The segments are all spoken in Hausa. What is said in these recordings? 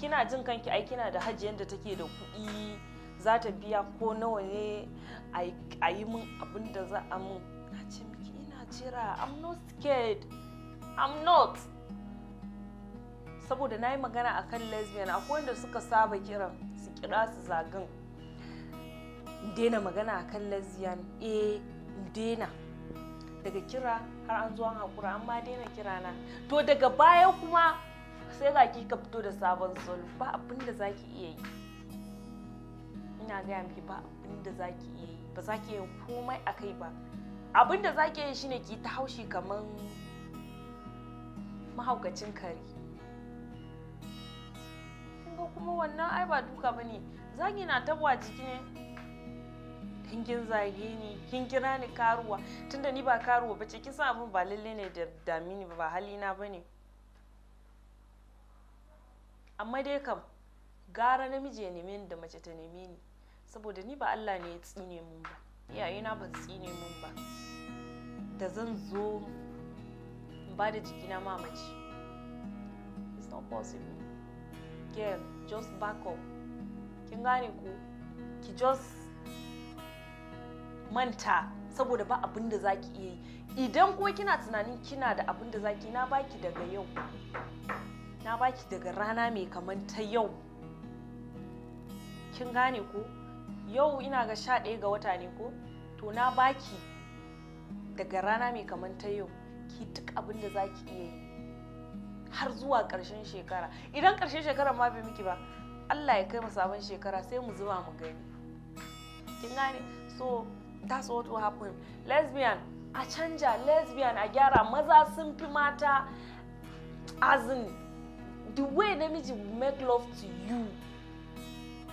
kina jin kanki ai kina da hajiyar da take da kuɗi za ta biya ko nawa ne a yi min abin da za a min na ce miki ina jira i'm not scared i'm not saboda na yi magana a kan lesbian akwai wanda suka saba kiran su kira su zagin daina magana a kan lesbian eh daina daga kira har an zuwa hakura amma daina kirana to daga baya kuma sai za ki ka fito da sabon solo ba abin da zaki iya yi ina gaya miki ba abin da zaki iya yi ba zaki yi komai a kai ba abin da ki yi shine ki ta haushi kaman mahaukacin kare ga kuma wannan ai ba duka ba ne zagi na tabuwa jiki ne kinkin zage ni kin kira ni karuwa tunda ni ba karuwa bace kin kisa abin ba lalle ne da damini ba halina ne. amma dai kam gara namiji ya neme ni da mace ta neme ni saboda ni ba Allah ne ya tsine mun ba iyayena ba su tsine mun ba da zan zo in ba da jikina ma mace it's not possible girl just back up kin gane ku ki just manta saboda ba abin da zaki iya yi idan ko kina tunanin kina da abin da zaki na baki daga yau na baki daga rana mai kaman ta yau kin gane ko yau ina ga sha ɗaya ga wata ne ko to na baki daga rana mai kaman ta yau ki duk abin da za ki iya yi har zuwa ƙarshen shekara idan ƙarshen shekara ma bai miki ba allah ya kai mu sabon shekara sai mu zuba mu gani kin gane so that's what will happen lesbian a canja lesbian a gyara maza sun fi mata azin the way an will make love to you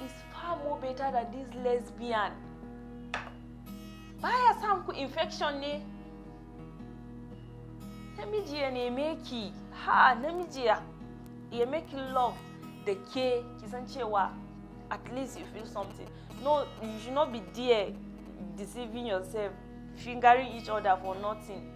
is far more better than this lesbian baya samun ku infection ne Nemiji ya neme ki ha Nemiji ya ya make love the ke ki san at least you feel something no you should not be there deceiving yourself fingering each other for nothing